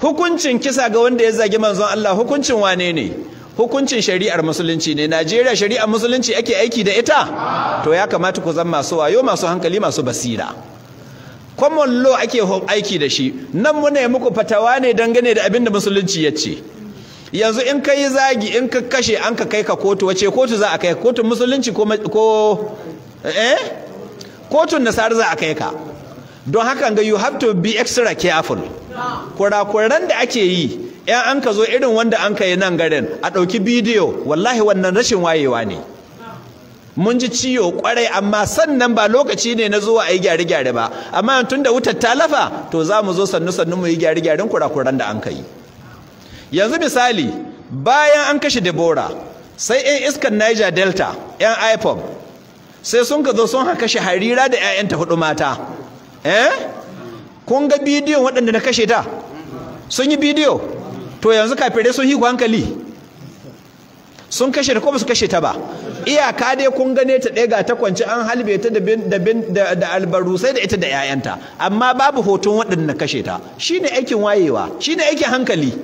hukuncin kisa ga wanda ya zagi manzon Allah hukuncin wane ne hukuncin shari'ar musulunci ne Najeriya shari'ar musulunci ake aiki da ita to ya kamata ku zama masu wayo masu hankali masu basira common law ake aiki da shi nan muna muku fatawa ne dangane da abin da musulunci ya ce yanzu in ka yi zagi in ka kashe an ka kai ka kotu wace kotu za a kai kotun musulunci ko eh kotun nasara za a kai ka don haka ga you have to be extra careful kurakuran da ake yi ‘yan an ka zo irin wanda an ka yi nan garin a ɗauki bidiyo wallahi wannan rashin wayewa ne mun ji ciwo kwarai amma sannan ba lokaci ne na zuwa a yi gyare-gyare ba amma tun da wutar ta lafa to za mu zo sannu-sannu mu yi gyare-gyaren kurakuran da an ka yi yanzu misali bayan an kashe debora sai 'yan iskan niger delta 'yan ipob sai sun ka zo sun haka shi harira da 'ya'yanta hudu mata eh kun ga bidiyon waɗanda na kashe ta sun yi bidiyo to yanzu kafirai sun yi hankali sun kashe ta ko ba su kashe ta ba iyaka dai kun gane ta ɗaya ga ta an halbe ta da albarusai da ita da 'ya'yanta amma babu hoton waɗanda na kashe ta shine aikin wayewa shine aikin hankali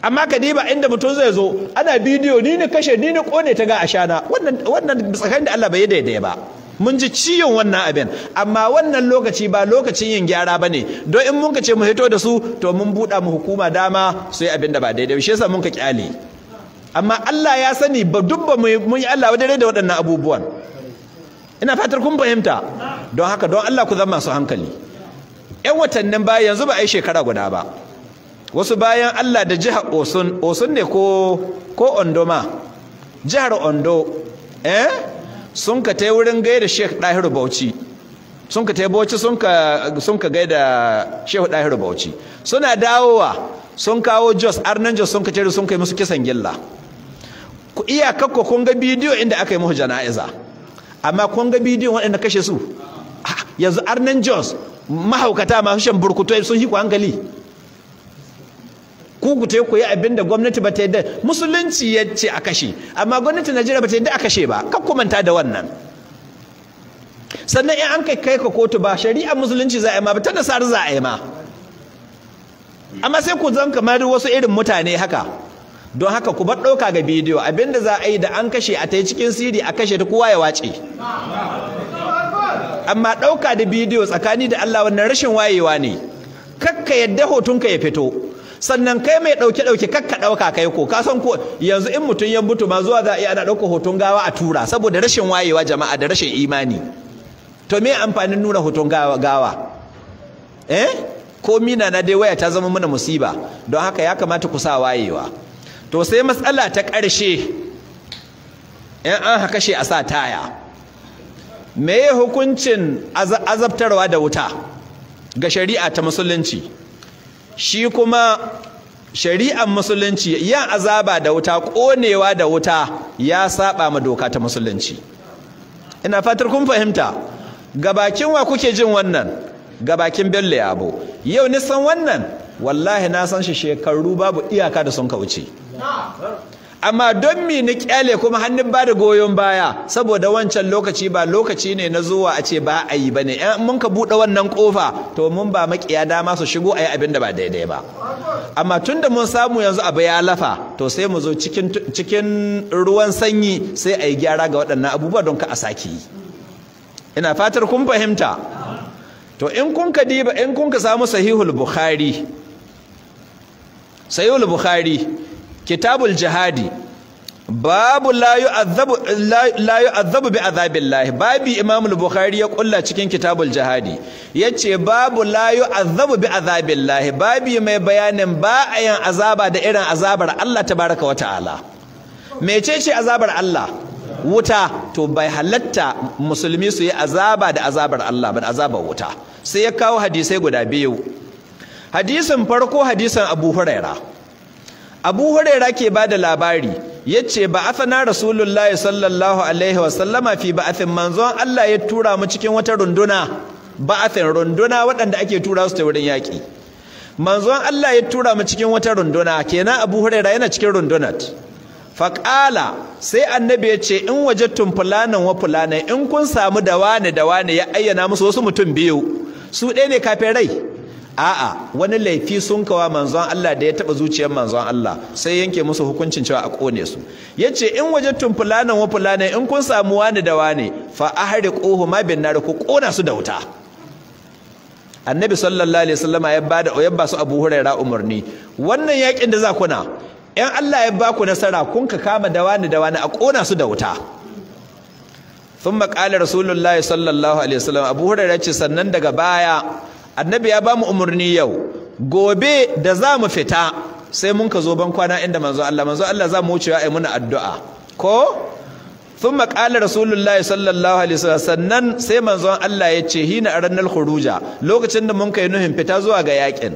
amma ka diba inda mutum zai zo ana bidiyo ni ne kashe ni ne kone ta ga ashana wannan wannan tsakanin da Allah bai yadda ya ba mun ji ciyon wannan abin amma wannan lokaci ba lokacin yin gyara ba ne, don in mun ka ce mu hito da su to mun buɗa mu hukuma dama su yi abin da ba daidai shi yasa mun ka kyale amma Allah ya sani ba dubba ba mun yi Allah wadare da waɗannan abubuwan ina fatar kun fahimta don haka don Allah ku zama masu hankali yan watannin baya yanzu ba a yi shekara guda ba wasu bayan Allah da jihar Osun Osun ne ko ko Ondo ma jihar Ondo eh sun ka tai wurin gaida Sheikh Dahir Bauchi sun ka tai Bauchi sun ka sun ka gaida Sheikh Bauchi suna dawowa sun kawo Jos Arnan Jos sun ka tare sun kai musu kisan gilla ku iya kakko kun ga bidiyo inda aka yi musu jana'iza amma kun ga bidiyo waɗanda kashe su yanzu Arnan Jos mahaukata masu shan burkutu sun hiku hankali ku ku ku yi abin da gwamnati ba ta yadda musulunci ya ce a kashe amma gwamnatin Najeriya ba ta da a kashe ba kar ku manta da wannan sannan in an kai kai ka kotu ba shari'a musulunci za a yi ma ba ta da za a yi ma amma sai ku zan kamar wasu irin mutane haka don haka ku bar ɗauka ga bidiyo abin da za a yi da an kashe a ta yi cikin siri a kashe ta kowa ya wace amma ɗauka da bidiyo tsakani da Allah wannan rashin wayewa ne kakka yadda hotonka ya fito sannan kai mai ɗauke ɗauke kakka ɗauka kai ko ka san ko yanzu in mutum ya mutu ma zuwa za a iya ana ɗauka hoton gawa a tura saboda rashin wayewa jama'a da rashin imani to me amfanin nuna hoton gawa gawa eh ko mina na dai waya ta zama mana musiba don haka ya kamata ku sa wayewa to sai matsala ta ƙarshe in an haka shi a sa taya me hukuncin azabtarwa da wuta ga shari'a ta musulunci shi kuma shari'ar musulunci yin azaba da wuta konewa da wuta ya saba ma doka ta musulunci ina fatar kun fahimta ga bakin wa kuke jin wannan ga bakin bello yabo yau nisan wannan wallahi na san shi shekaru babu iyaka da sun wuce. amma don me na kyale kuma hannun ba da goyon baya saboda wancan lokaci ba lokaci ne na zuwa a ce ba a yi ba ne in eh, mun ka buɗe wannan kofa to mun ba makiya dama su shigo a yi abin da ba daidai ba amma tun da mun samu yanzu abu ya lafa to sai mu zo cikin ruwan sanyi sai a yi gyara ga waɗannan abubuwa don ka a saki ina fatar kun fahimta to in kun ka diba in kun ka samu sahihul bukhari sahihul bukhari kitabul jihadi babu layu azabu la yu'azzabu bi babi imam al-bukhari ya kulla cikin kitabul jihadi yace babu la azabu bi azabillahi babi mai bayanin ba ayan azaba da irin azabar Allah tabaraka wa ta'ala mecece azabar Allah wuta to bai halatta musulmi su yi azaba da azabar Allah ba azabar wuta sai ya kawo hadisai guda biyu hadisin farko hadisin Abu Hurairah abu huraira ke ba da labari yace ba asana rasulullahi sallallahu alaihi sallama fi ba'athin manzon Allah ya tura mu cikin wata runduna ba'athin runduna waɗanda ake tura su ta wurin yaki manzon Allah ya tura mu cikin wata runduna kenan abu huraira yana cikin rundunat faƙala sai annabi yace in waje fulanan wa fulanan in kun samu dawane-dawane ya ayyana musu wasu mutum biyu su ɗaya ne kafin rai a'a wani laifi sun kawa manzon Allah da ya taba zuciyar manzon Allah sai yanke musu hukuncin cewa a kone su yace in tun fulanan wa fulanan in kun samu wani da wani fa ma bin nar ku kona su da wuta annabi sallallahu alaihi wasallama ya bada ya ba su abu huraira umarni wannan yakin da za na. in Allah ya baku nasara kun ka kama da wani da wani a kona su da wuta thumma qala rasulullahi sallallahu alaihi wasallam abu huraira ce sannan daga baya annabi ya bamu umarni yau gobe da za mu fita sai mun ka zo ban kwana inda manzo Allah manzo Allah za mu wuce ai muna addu'a ko thumma qala rasulullahi sallallahu alaihi wasallam sannan sai manzon Allah ya ce hina arannal khuruja lokacin da mun kai nuhin fita zuwa ga yakin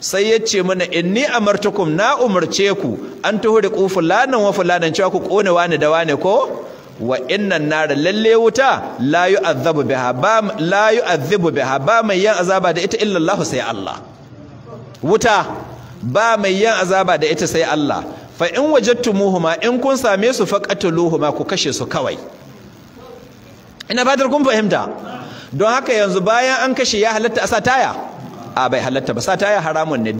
sai ya ce mana inni amartukum na umurce ku an tuhuri riku fulanan wa fulanan cewa ku kone wani da wani ko wa inna nara lalle wuta la yu'adhabu biha ba la yu'adhibu biha ba mai yan azaba da ita illa Allah sai Allah wuta ba mai yan azaba da ita sai Allah fa in wajadtumuhuma in kun same su faqatuluhuma ku kashe su kawai ina fatar kun fahimta don haka yanzu bayan an kashe ya halatta a sa taya a bai halatta ba sa taya haramun ne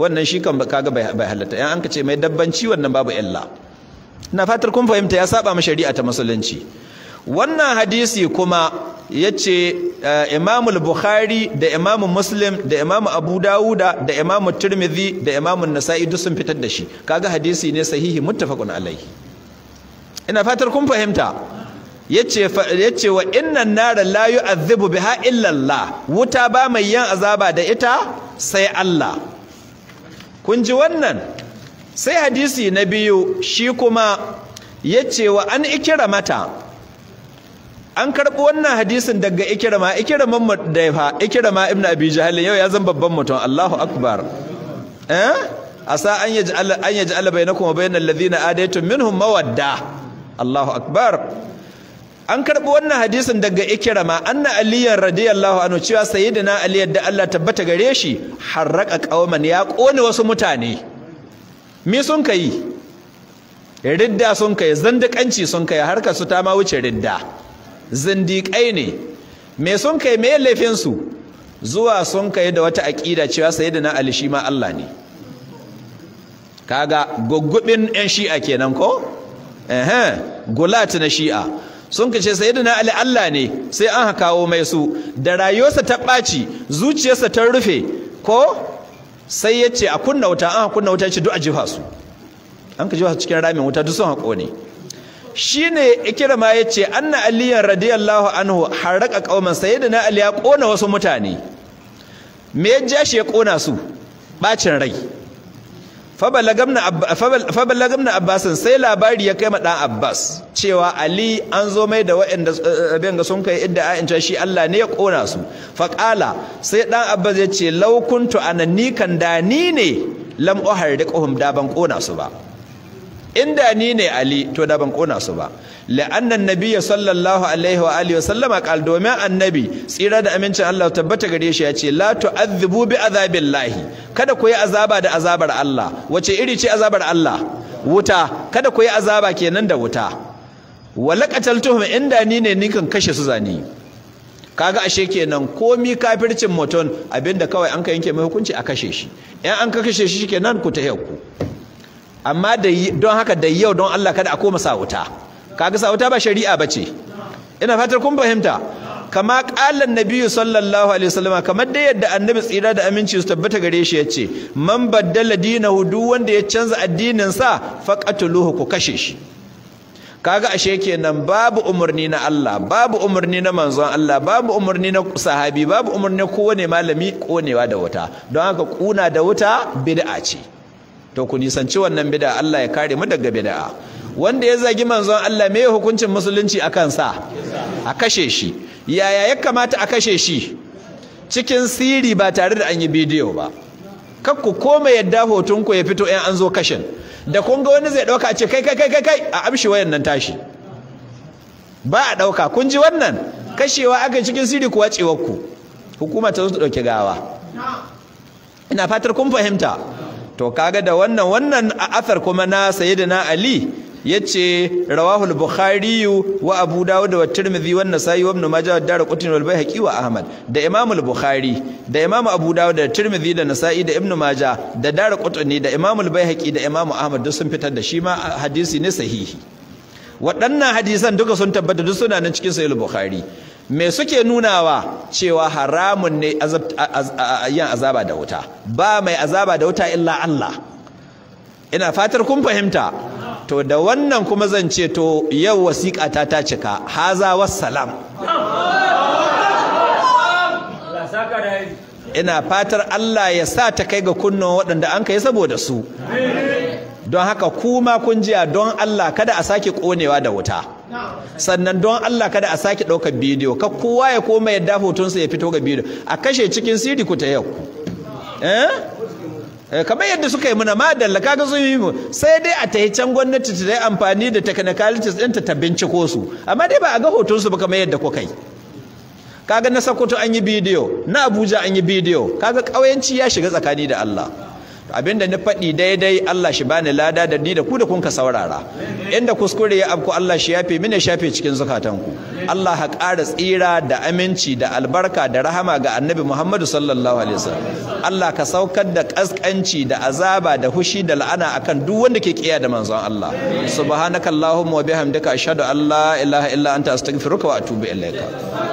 wannan shi kan kaga bai halatta yan an ce mai dabbanci wannan babu illa na fatar kun fahimta ya saba ma shari'a ta musulunci wannan hadisi kuma yace eh, Imam al-Bukhari da Imam Muslim da Imam Abu Dawuda da Imam Tirmidhi da Imam Nasa'i duk sun fitar da shi kaga hadisi ne sahihi muttafaqun alaihi ina fatar kun fahimta yace yace wa innan nar la yu'adhibu biha illa Allah wuta ba mai yan azaba da ita sai Allah kun ji wannan sai hadisi na biyu shi kuma ya cewa wa an ikira mata an karɓi wannan hadisin daga ikirama ikiraman da fa ikirama ibn abi jahal yau ya zan babban mutum Allahu akbar eh? a asa an yaji an na Kuma, wa na ladina adaitun minhum mawadda Allahu akbar an karɓi wannan hadisin daga ikirama na aliyar radiyallahu anhu cewa sayyidina aliyar yadda Allah tabbata gare shi harraka qauman ya ƙone wasu mutane me sun ka yi ridda sun ka yi zindiƙanci sun ka yi su ta ma wuce ridda zindiƙai ne me sun ka yi mai laifinsu zuwa sun ka yi da wata aƙida cewa da na alishi ma Allah ne kaga gugubin yan shi'a kenan ko ehem gulat na shi'a sun ka da na ali Allah ne sai an kawo mai su da rayuwarsa ta ɓaci zuciyarsa ta rufe ko sai ya ce a kunna wuta an kunna wuta ce duk a jifa su an ka jifa su cikin ramin wuta duk sun haƙo ne shi ne ma ya ce anna aliyan radiyallahu anhu harraka ƙauman sai da na ali ya ƙona wasu mutane me ya ja shi ya ƙona su ɓacin rai fabalagamna abbasin sai labari ya kai ɗan abbas cewa ali an zo mai da waɗanda eh, eh, abin ga sun kai idda a'incan shi Allah ne ya kona su faƙala sai ɗan abbas ya ce laukuntu anani kan da ni ne lam uhar da da ban kona su ba inda ni ne ali to da ban kona su ba la'annan nabiyyu sallallahu alaihi wa alihi wa sallama qal domin annabi tsira da amincin Allah tabbata gare shi ya ce la tu'adhibu bi azabillahi kada ku yi azaba da azabar Allah wace iri ce azabar Allah wuta kada ku yi azaba kenan da wuta walaqataltuhum tuhum inda ni ne nikan kashe su zani kaga ashe kenan komi kafircin mutum abinda kawai an ka yanke mai hukunci a kashe shi in an ka kashe shi kenan ku ta ku amma don haka da yau don Allah kada a koma sa'uta kaga sa'uta ba shari'a bace ina fatar kun fahimta kama kallan nabiyyu sallallahu alaihi wasallam kamar da yadda annabi tsira da aminci su tabbata gare shi yace man baddala dinahu hudu wanda ya canza addinin sa faqatuluhu ku kashe shi kaga ashe kenan babu umarni na Allah babu umarni na manzon Allah babu umarni na sahabi babu umarni kowane malami konewa da wuta don haka kuna da wuta bid'a ce to ku nisanci wannan bid'a Allah ya kare mu daga bid'a wanda ya zagi manzon Allah me hukuncin musulunci akan sa a kashe shi yaya ya kamata a kashe shi cikin siri ba tare da an yi bidiyo ba kar ku koma yadda hoton ku ya fito in an zo kashin da kun ga wani zai dauka ce kai kai kai kai a amshi wayan nan tashi ba a dauka kun ji wannan kashewa aka cikin siri kuwa cewar ku hukuma ta zo ta dauki gawa ina fatar kun fahimta to kaga da wannan wannan athar kuma na sayyidina ali yace rawahul bukhari wa abu dawud wa tirmidhi wa nasai wa ibn majah wa darqutni wal baihaqi wa ahmad da imam al bukhari da imam abu dawud da tirmidhi da nasai da ibn majah da darqutni da imam al baihaqi da imam ahmad duk sun fitar da shi ma hadisi ne sahihi waɗannan hadisan duka sun tabbata duk suna nan cikin sahih al bukhari me suke nunawa cewa haramun ne yin azaba da wuta ba mai azaba da wuta illa Allah ina fatar kun fahimta to da wannan kuma zan ce to yau wasiƙa ta ta cika haza wassalam ina fatar Allah ya sa ta kai ga kunnan waɗanda an kai saboda su don haka kuma kun jiya don Allah kada a sake ƙonewa da wuta sannan don Allah kada a sake ɗaukar bidiyo ka kowa ya koma yadda hotonsa ya fito ga bidiyo a kashe cikin siri ku ta yau eh? Eh, kamar yadda suka yi muna madalla kaga sun yi mu sai dai a tahi can gwamnati ta yi amfani da technicalities ɗinta ta binciko su amma dai ba a ga hotonsu ba kamar yadda kuka yi kaga na Sokoto an yi bidiyo na Abuja an yi bidiyo kaga ƙauyenci ya shiga tsakani da Allah Abin da na faɗi daidai Allah shi bani lada da ni da ku da kun ka saurara inda kuskure ya abku Allah shi yafe mini shafe cikin zukatanku Allah ha ƙara tsira da aminci da albarka da rahama ga Annabi Muhammadu sallallahu alaihi wasallam Allah ka saukar da kaskanci da azaba da hushi da la'ana akan duk wanda ke kiya da manzon Allah subhanakallahumma wa bihamdika ashhadu an la ilaha illa anta astaghfiruka wa atubu ilaika